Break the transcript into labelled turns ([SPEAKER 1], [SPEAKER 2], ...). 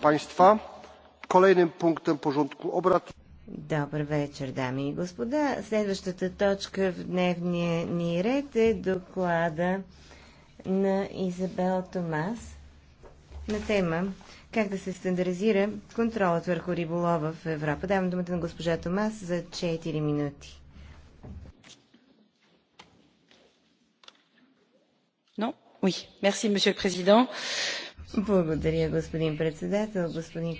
[SPEAKER 1] Państwa.
[SPEAKER 2] Добър вечер, дами и господа.
[SPEAKER 3] Следващата точка в дневния ни ред е доклада на Изабел Томас на тема как да се стандаризира контролът върху риболова в Европа. Давам думата на госпожа Томас за 4 минути.
[SPEAKER 4] Non? Oui. Merci, Monsieur le Président. Благодаря, господин председател, господин